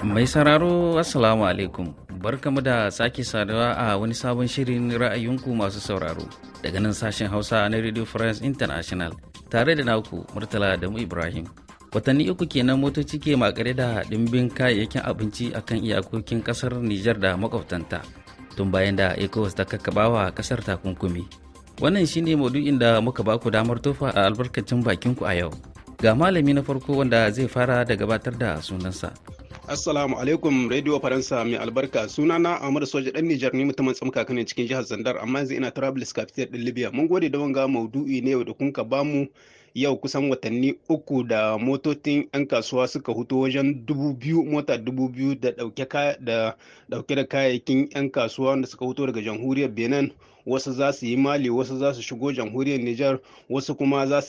Mai sararo Assalamu alaikum. Barkamu da sake saduwa a wani sabon shirin ra'ayinku masu sauraro daga nan sashen Hausa na Radio France International tare da naku Murtala Adamu Ibrahim. Watanni uku kenan motoci ke makare da dimbin kayayyakin abinci a kan iyakokin kasar Nijar da makwabtanta tun bayan da ECOWAS ta wa kasar takunkumi. Wannan shine maudu'in da muka baku damar tofa a albarkacin bakinku a yau. Ga malami na farko wanda zai fara da gabatar da sunansa. Assalamu alaikum Radio Faransa mai albarka sunana Ahmad Soja dan Nijar ne mutumin tsamka kanin cikin jihar Zandar amma yanzu ina Trablis Capital din Libya. Mun gode da wanga maudu'i ne da kun ka bamu yau kusan watanni uku da motocin 'yan kasuwa suka hutu wajen dubu biyu mota dubu biyu da dauke da kayayyakin 'yan kasuwa wanda suka hutu daga jamhuriyar benin wasu za su yi mali wasu za su shigo jamhuriyar nijar wasu kuma za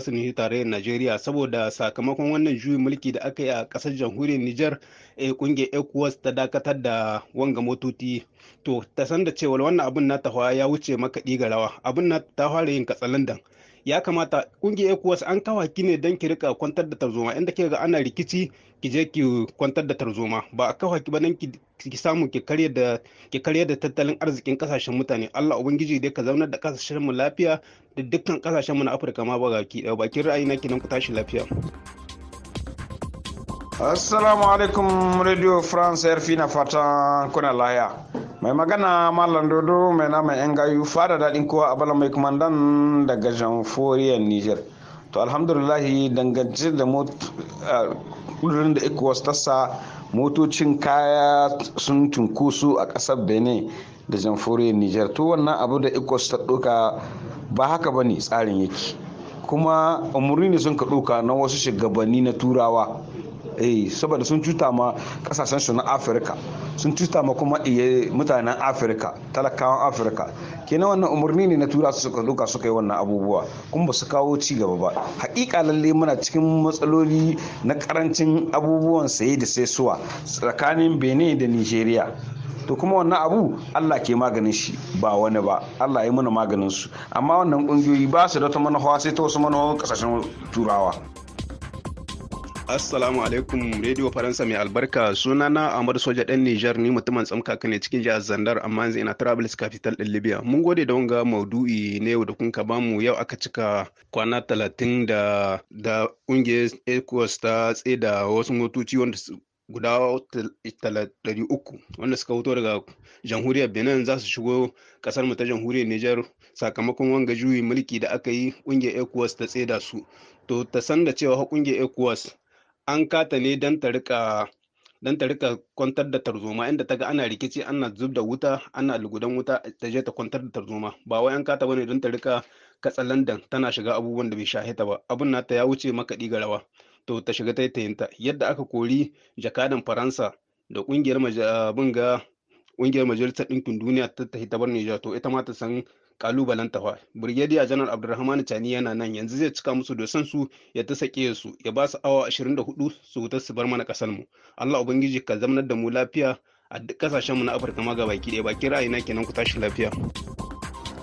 su nuhi tarayyar najeriya saboda sakamakon wannan juyin mulki da aka yi a ƙasar jamhuriyar nijar a eh, ƙungiyar ecowas ta dakatar da wanga motoci to ta san da cewa wannan abin na tahawa ya wuce makaɗi ga rawa abin na ta fara yin katsalandan ya kamata kungiyar ecowas an kawo ki ne don ki rika kwantar da tarzoma inda ke ga ana rikici ki je ki kwantar da tarzoma ba a kawo ki ba don ki samu ki karya da tattalin arzikin kasashen mutane Allah ubangiji dai ka zaunar da kasashen mu lafiya da dukkan kasashen mu na Afirka ma ba baki ra'ayi na ki nan ku tashi lafiya assalamu alaikum radio france rfi na fatan kuna laya mai magana malam dodo mai nama yan gayu fada daɗin kowa a bala mai kumandan daga jamforiyar niger to alhamdulillahi dangance da kudurin da ecowas motocin kaya sun tunkusu a ƙasar benin da jamforiyar niger to wannan abu da ecowas ta ɗauka ba haka ba ne tsarin yake kuma umarni ne sun ka ɗauka na wasu shugabanni na turawa eh saboda sun cuta ma kasashen su na afirka sun cuta ma kuma iya mutanen afirka talakawan afirka kenan wannan umarni ne na tura su suka duka suka yi wannan abubuwa kuma ba su kawo ci gaba ba hakika lalle muna cikin matsaloli na karancin abubuwan saye da saisuwa tsakanin benin da nigeria to kuma wannan abu Allah ke maganin shi ba wani ba Allah ya mana maganin su amma wannan kungiyoyi ba su da ta manufa sai ta wasu manufa kasashen turawa Assalamu alaikum Radio Faransa mai albarka suna na Ahmad Soja ɗan Nijar ni mutumin tsamkaka ne cikin jihar Zandar amma yanzu ina Travelers Capital ɗin Libya. Mun gode da wanga maudu'i ne yau da kun ka bamu yau aka cika kwana talatin da da ƙungiyar ECOWAS ta da wasu motoci wanda guda ɗari wanda suka fito daga jamhuriyar benin za su shigo kasar mu ta jamhuriyar Nijar sakamakon wanga juyi mulki da aka yi ƙungiyar ecowas ta tseda su to ta san da cewa ƙungiyar ecowas an kata ne don ta rika kwantar da tarzoma inda ta ga ana rikici ana zub da wuta ana lugudan wuta ta je ta kwantar da tarzoma ba wai an kata bane don ta rika katsa london tana shiga abubuwan da bai ta ba abun nata ya wuce makaɗi ga rawa to ta shiga ta yinta. yadda aka kori jakadan faransa da ƙungiyar majalisar ɗinkin duniya ta tafi ta bar Nijar to ita ma ta san kalubalen tawa brigadier janar abdulrahman tani yana nan yanzu zai cika musu dosan su ya ta sake su ya ba su awa 24 su hutar su bar mana kasar mu allah ubangiji ka zamanar da mu lafiya a duk kasashen mu na afirka ma gabaki ɗaya ra'ayi na kenan ku tashi lafiya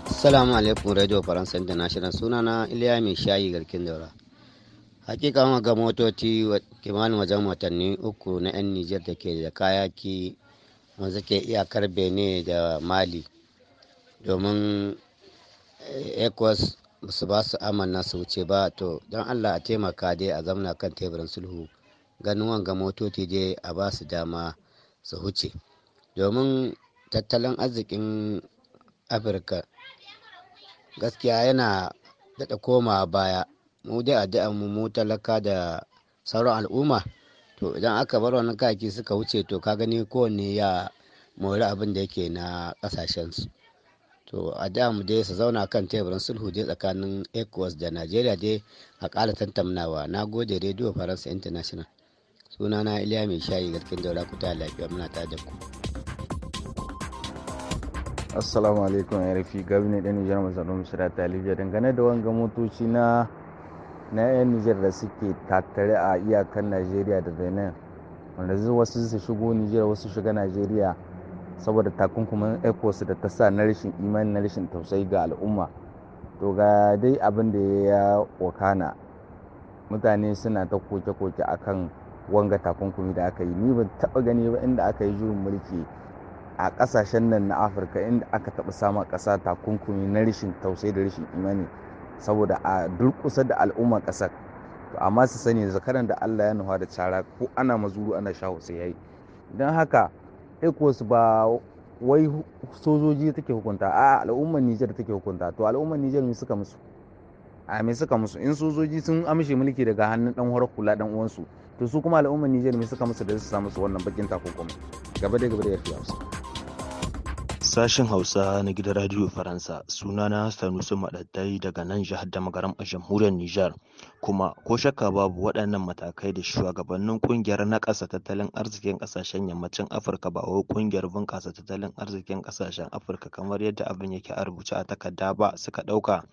assalamu alaikum radio faransa international sunana iliya mai shayi garkin daura hakika ga motoci kimanin wajen watanni uku na 'yan nijar da ke da kayaki wanda ke iyakar benin da mali domin ecos su ba su amanna su wuce ba to don allah a taimaka dai a zamna kan teburin sulhu ganin wanga motoci dai a ba su dama su huce domin tattalin arzikin afirka gaskiya yana daɗa koma baya mu dai addu'a mu mu talaka da sauran al'umma to idan aka bar wani kaki suka wuce to ka gani kowanne ya mori abin da yake na ƙasashensu to a da mu dai su zauna kan teburin sulhu dai tsakanin ecowas da najeriya dai a ƙara tantamnawa na gode rediyo faransa international sunana iliya mai shayi garkin daura kuta lafiya muna ta da ku assalamu alaikum ya rufi gabi ɗan nijar masu ɗan ta libya dangane da wanga motoci na na yan nijar da suke tattare a iyakan najeriya da benin wanda wasu su shigo nijar wasu shiga najeriya saboda takunkumin ecos da ta sa na rashin imani na rashin tausayi ga al'umma to ga dai abin da ya wakana mutane suna ta koke-koke a kan wanga takunkumi da aka yi ni ban taba gani ba inda aka yi juyin mulki a kasashen nan na afirka inda aka taba sama kasa takunkumi na rashin tausayi da rashin imani saboda a durkusa da al'umma kasar to amma su sani zakaran da allah ya nufa da cara ko ana mazuru ana shaho sai yayi don haka ecos ba wai sojoji take hukunta a al'ummar nijar take hukunta to al'ummar nijar me suka musu a me suka musu in sojoji sun amshe mulki daga hannun dan horar kula dan uwansu to su kuma al'ummar nijar me suka musu da su samu su wannan bakin takunkumi gaba da gaba da yafi hausa Sashen Hausa na gidan Radio Faransa sunana Sanusi Maɗattai daga nan jihar Damagaram a jamhuriyar Nijar kuma ko shakka babu waɗannan matakai da shugabannin ƙungiyar na ƙasa tattalin arzikin ƙasashen yammacin Afirka ba wai ƙungiyar bunƙasa tattalin arzikin ƙasashen Afirka kamar yadda abin yake a rubuce a takarda ba suka ɗauka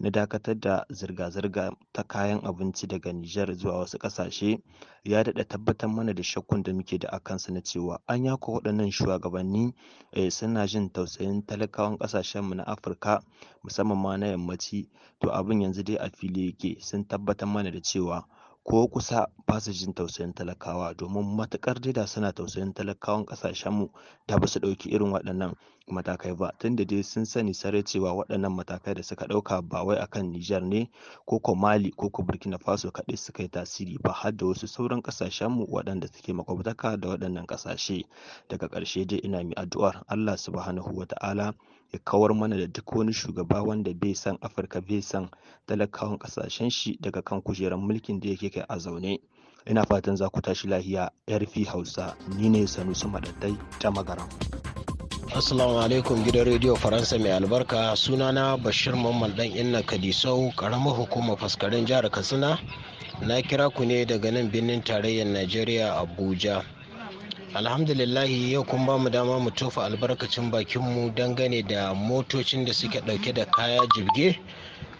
na dakatar da zirga-zirga ta kayan abinci daga Nijar zuwa wasu ƙasashe ya daɗa tabbatar mana da shakkun da muke da akansa na cewa an yako waɗannan shugabanni eh, suna jin tausayin talakawan ƙasashenmu na Afirka musamman ma na yammaci to abin yanzu dai a fili yake sun tabbatar mana da cewa ko kusa ba su jin tausayin talakawa domin matukar da suna tausayin talakawan kasashenmu da ba su ɗauki irin waɗannan matakai ba tunda dai sun sani sarai cewa waɗannan matakai da suka ɗauka ba wai akan Nijar ne ko ko Mali ko ko Burkina Faso kaɗai suka yi tasiri ba har da wasu sauran kasashenmu waɗanda suke makwabtaka da waɗannan kasashe daga ƙarshe dai ina mai addu'ar Allah subhanahu wata'ala ya kawar mana da duk wani shugaba wanda bai san afirka bai san talakawan kasashen shi daga kan kujerar mulkin da yake kai a zaune ina fatan za ku tashi lahiya yarfi hausa ni ne sanusi madadai ta magaran Assalamu alaikum gidan rediyo Faransa mai albarka sunana Bashir Mamman dan Inna Kadisau karamar hukumar faskarin jihar Katsina na kira ku ne daga nan birnin tarayyar Najeriya Abuja. alhamdulillahi yau kun ba mu dama mu tofa albarkacin bakinmu dangane da motocin da suke ɗauke da kaya jirge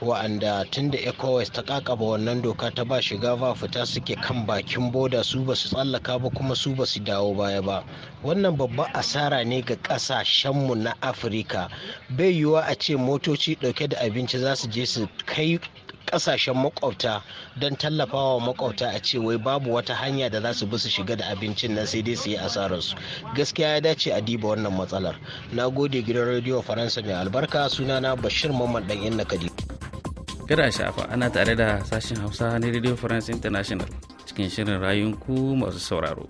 wa'anda tun da ecowas ta kakaba wannan doka ta ba shiga ba fita suke kan bakin boda su ba su tsallaka ba kuma su ba su dawo baya ba wannan babban asara ne ga kasashenmu na afirka bai yiwuwa a ce motoci dauke da abinci za su je su kai kasashen makwabta don tallafawa makwabta a ce wai babu wata hanya da za su bi su shiga da abincin nan sai dai su yi asararsu gaskiya ya dace a diba wannan matsalar na gode gidan rediyo faransa mai albarka sunana bashir mamman dan inna kadi kada shafa ana tare da sashen hausa na radio france international cikin shirin ku masu sauraro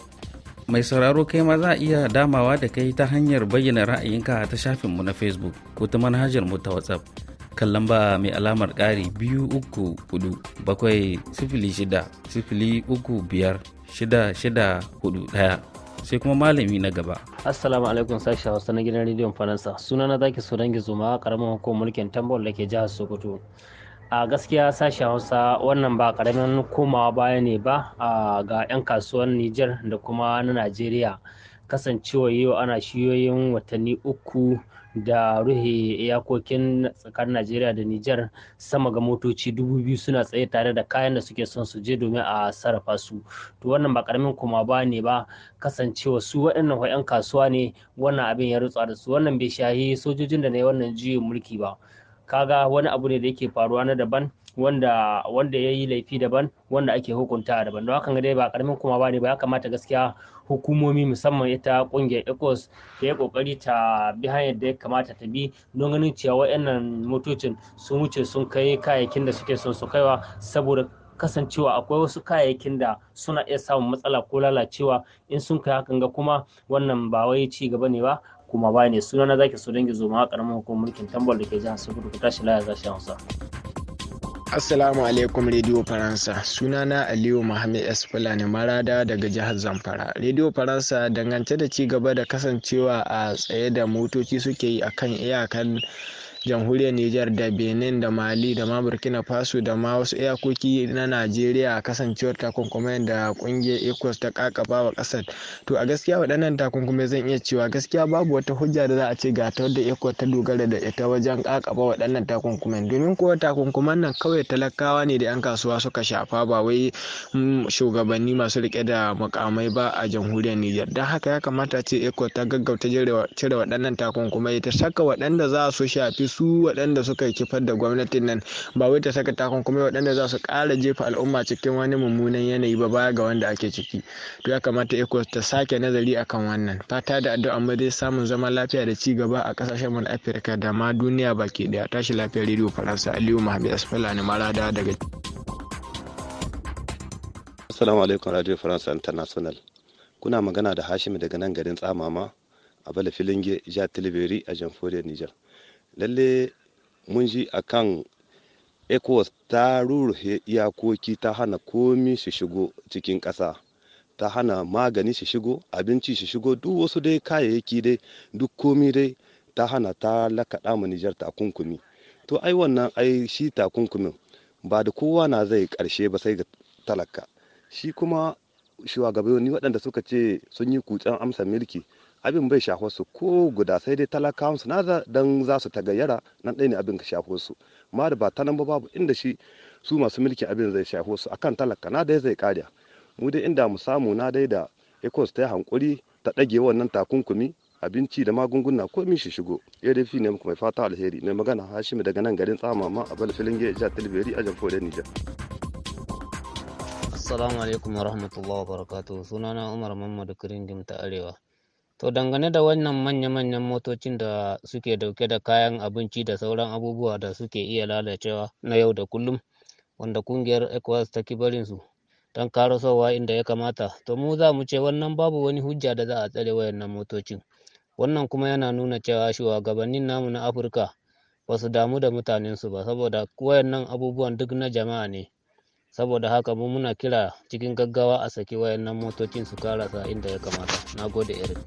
mai sauraro kai ma za a iya damawa da kai ta hanyar bayyana ra'ayinka ta shafinmu na facebook ko ta manhajar mu ta whatsapp kan lamba mai alamar ƙari biyu uku hudu bakwai sifili shida sifili uku biyar shida shida hudu ɗaya sai kuma malami na gaba. Assalamu alaikum sashi Hausa na gidan rediyon Faransa. Suna na zaki so dangi zuma karamin hukumar mulkin tambol da ke jihar Sokoto. A gaskiya sashi Hausa wannan ba karamin komawa baya ne ba ga 'yan kasuwar Nijar da kuma na Najeriya. Kasancewa yau ana shiyoyin watanni uku da ruhe iyakokin tsakar najeriya da nijar sama ga motoci dubu biyu suna tsaye tare da kayan da suke son su je domin a sarrafa su to wannan ba karamin kuma ba ne ba kasancewa su waɗannan hoyan kasuwa ne wannan abin ya rutsa da su wannan bai shahi sojojin da na yi wannan juyin mulki ba kaga wani abu ne da yake faruwa na daban wanda wanda ya yi laifi daban wanda ake hukunta daban don hakan dai ba karamin kuma ba ne ba ya kamata gaskiya hukumomi musamman ita kungiyar ecos ta yi kokari ta bi hanyar da ya kamata ta bi don ganin cewa wayannan motocin sun wuce sun kai kayayyakin da suke son su kaiwa saboda kasancewa akwai wasu kayayyakin da suna iya samun matsala ko lalacewa in sun kai hakan ga kuma wannan ba wai ci gaba ne ba kuma ba ne suna na zaki so dangi zo ma karamin hukumar mulkin tambal da ke jihar sokoto ku tashi laya zashi hausa Assalamu alaikum Radio Faransa. Sunana Aliyu Muhammad S. Fulani Marada daga jihar Zamfara. Radio Faransa dangance da ci gaba da kasancewa a tsaye da motoci suke yi akan iyakan jamhuriyar nijar da benin da mali da ma burkina faso da ma wasu iyakoki na najeriya kasancewar takunkuma da kungiyar ecos ta kakaba wa kasar to a gaskiya waɗannan takunkumai zan iya cewa gaskiya babu wata hujja da za a ce ga ta wadda ecos ta dogara da ita wajen kakaba waɗannan takunkumai domin kuwa takunkuman nan kawai talakawa ne da 'yan kasuwa suka shafa ba wai mm, shugabanni masu rike da mukamai ba a jamhuriyar nijar don haka ya kamata ce ecos ta gaggauta cire waɗannan takunkumai ta saka waɗanda za su shafi su waɗanda suka kifar da gwamnatin nan ba wai ta saka takunkumi waɗanda za su ƙara jefa al'umma cikin wani mummunan yanayi ba baya ga wanda ake ciki to ya kamata ecos ta sake nazari akan wannan fata da addu'a mu dai samun zaman lafiya da ci gaba a kasashen mu na afirka da ma duniya baki ɗaya tashi lafiya rediyo faransa aliyu muhammad asfalani marada daga Assalamu alaikum Radio France International. Kuna magana da Hashim daga nan garin Tsamama a Bala Filinge, Jihar Tilibiri a Jamhuriyar Nijar. lalle mun ji a kan ecowas ta rurrufe iyakoki ta hana komi su shigo cikin ƙasa ta hana magani su shigo abinci su shigo duk wasu dai kayayyaki dai duk komi dai ta hana ta lakaɗa ma nijar takunkumi to ai wannan ai shi takunkumin ba da kowa na zai karshe ba sai ga talaka shi kuma shugabanni waɗanda suka ce sun yi kutsen amsa milki abin bai shafo su ko guda sai dai talakawan su naza dan za su tagayyara nan ɗaya ne abin ka shafo su ma da ba ta nan babu inda shi su masu mulkin abin zai shafo su akan talaka na dai zai kariya mu dai inda mu samu na dai da ecos ta yi hankuri ta ɗage wannan takunkumi abinci da magunguna ko min shi shigo fi ne muku mai fata alheri mai magana hashimi daga nan garin tsamama a balfilin gaya jihar tilbiri a da nijar assalamu alaikum warahmatullahi wabarakatuh sunana umar mamadu kiringim ta arewa To dangane da wannan manya-manyan motocin da suke dauke da kayan abinci da sauran abubuwa da suke iya lalacewa na yau da kullum wanda kungiyar ECOWAS ta ki barin su don karasowa inda ya kamata to mu za mu ce wannan babu wani hujja da za a tsare wayannan motocin wannan kuma yana nuna cewa shugabannin namu na Afirka ba su damu da mutanen su ba saboda wayannan abubuwan duk na jama'a ne saboda haka mu muna kira cikin gaggawa a saki wayannan motocin su karasa inda ya kamata nagode Eric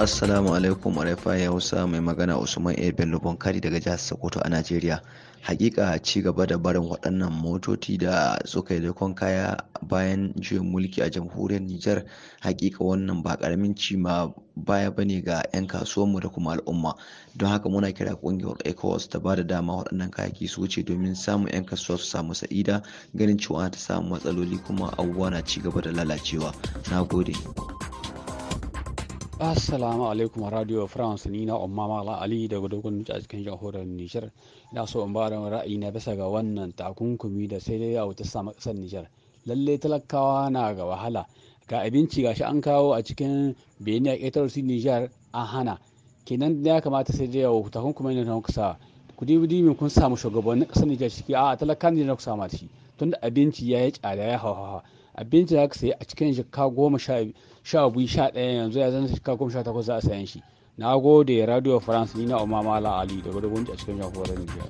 Assalamu alaikum ya Hausa mai magana Usman A Bello Bonkari daga jihar Sokoto a Najeriya. Hakika ci gaba da barin waɗannan motoci da suka yi dakon kaya bayan juyin mulki a jamhuriyar Nijar hakika wannan ba karamin ci ma baya ba ne ga 'yan kasuwanmu da kuma al'umma don haka muna kira ƙungiyar ecowas ta ba da dama waɗannan kayaki su wuce domin samun 'yan kasuwa su samu sa'ida ganin cewa ta samu matsaloli kuma abubuwa na ci gaba da lalacewa na gode Assalamu alaikum Radio France ni na Umma Mala Ali daga dogon a cikin jamhuriyar Nijar. Ina so in bada ra'ayi na bisa ga wannan takunkumi da sai dai ya wuce sama kasar Nijar. Lalle talakawa na ga wahala. Ga abinci gashi an kawo a cikin Benin a ƙetar Nijar an hana. Kenan ya kamata sai dai yawo takunkumi da na kusa. Kudi budi min kun samu shugabannin kasar Nijar shi a talaka ne na kusa ma shi. Tunda abinci ya yi tsada ya hawa-hawa. abinci za ka sayi a cikin shekka goma sha biyu sha ɗaya yanzu ya zama shekka goma sha takwas za a sayan shi na gode radio france ni na umama ala ali da a cikin jamhuriyar nigeria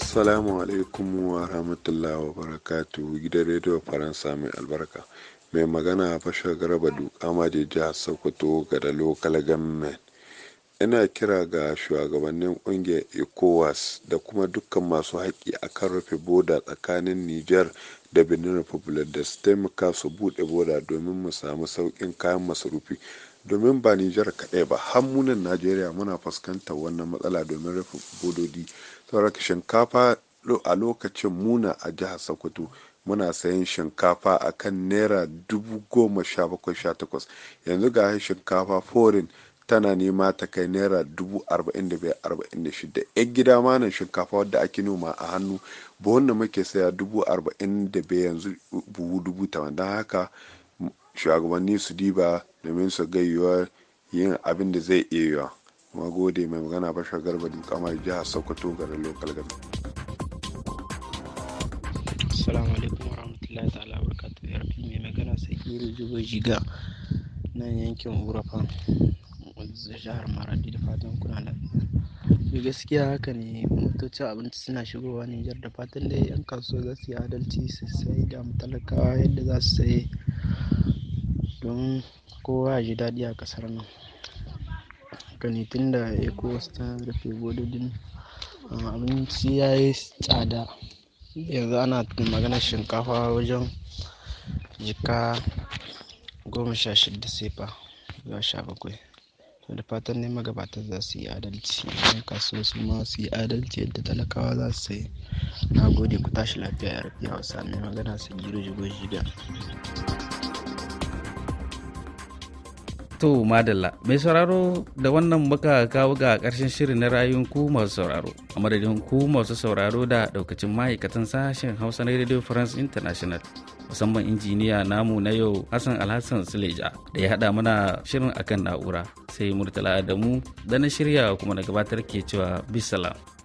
assalamu alaikum wa rahmatullahi wa barakatu gidan radio faransa mai albarka mai magana fasha garba duka da jihar sokoto ga da local government ina kira ga shugabannin kungiyar ecowas da kuma dukkan masu haƙƙi akan rufe boda tsakanin niger da benin republic da su taimaka su bude boda domin mu samu saukin kayan masarufi domin ba nijar kaɗai ba har munan najeriya muna fuskantar wannan matsala domin rufe bododi saboda shinkafa a lokacin muna a jihar sokoto muna sayan shinkafa akan naira dubu goma sha bakwai sha takwas yanzu ga shinkafa forin tana nema ta kai naira dubu arba'in da biyar arba'in da shida yan gida ma nan shinkafa wadda ake noma a hannu ba wanda muke saya dubu arba'in da biyar yanzu buhu dubu tamanin don haka shugabanni su diba domin su gayyuwa yin abin da zai iya yiwa magode mai magana bashar garba dukamar jihar sokoto garin lokal gami assalamu alaikum warahmatullahi ta'ala barakatuhu yarfi mai magana sai gero jiga nan yankin wurafan jihar Maradi da fatan kuna lafiya. gaskiya haka ne, motocin abinci suna shigowa Nijar da fatan dai 'yan kasuwa za su yi adalci su sai da ma talakawa yadda za su saye domin kowa ji daɗi a ƙasar nan. gani ne tunda ECOWAS ta rufe bododin abinci ya yi tsada. Yanzu ana maganar shinkafa wajen jika goma sha shidda sefa zuwa sha bakwai. da fatan ne magabata za su yi adalci, 'yan kasuwa su ma su yi adalci yadda talakawa za su sayi. Na gode ku tashi lafiya ya RFI Hausa mai magana Sagir Jigo Jiga. To madalla mai sauraro da wannan muka kawo ga ƙarshen shirin na rayuwar ku masu sauraro a madadin ku masu sauraro da daukacin ma'aikatan sashen hausa na radio france international musamman injiniya namu na yau Hassan Alhassan Suleja da ya haɗa mana shirin akan na'ura sai Murtala Adamu da na shirya kuma na gabatar ke cewa bisalam.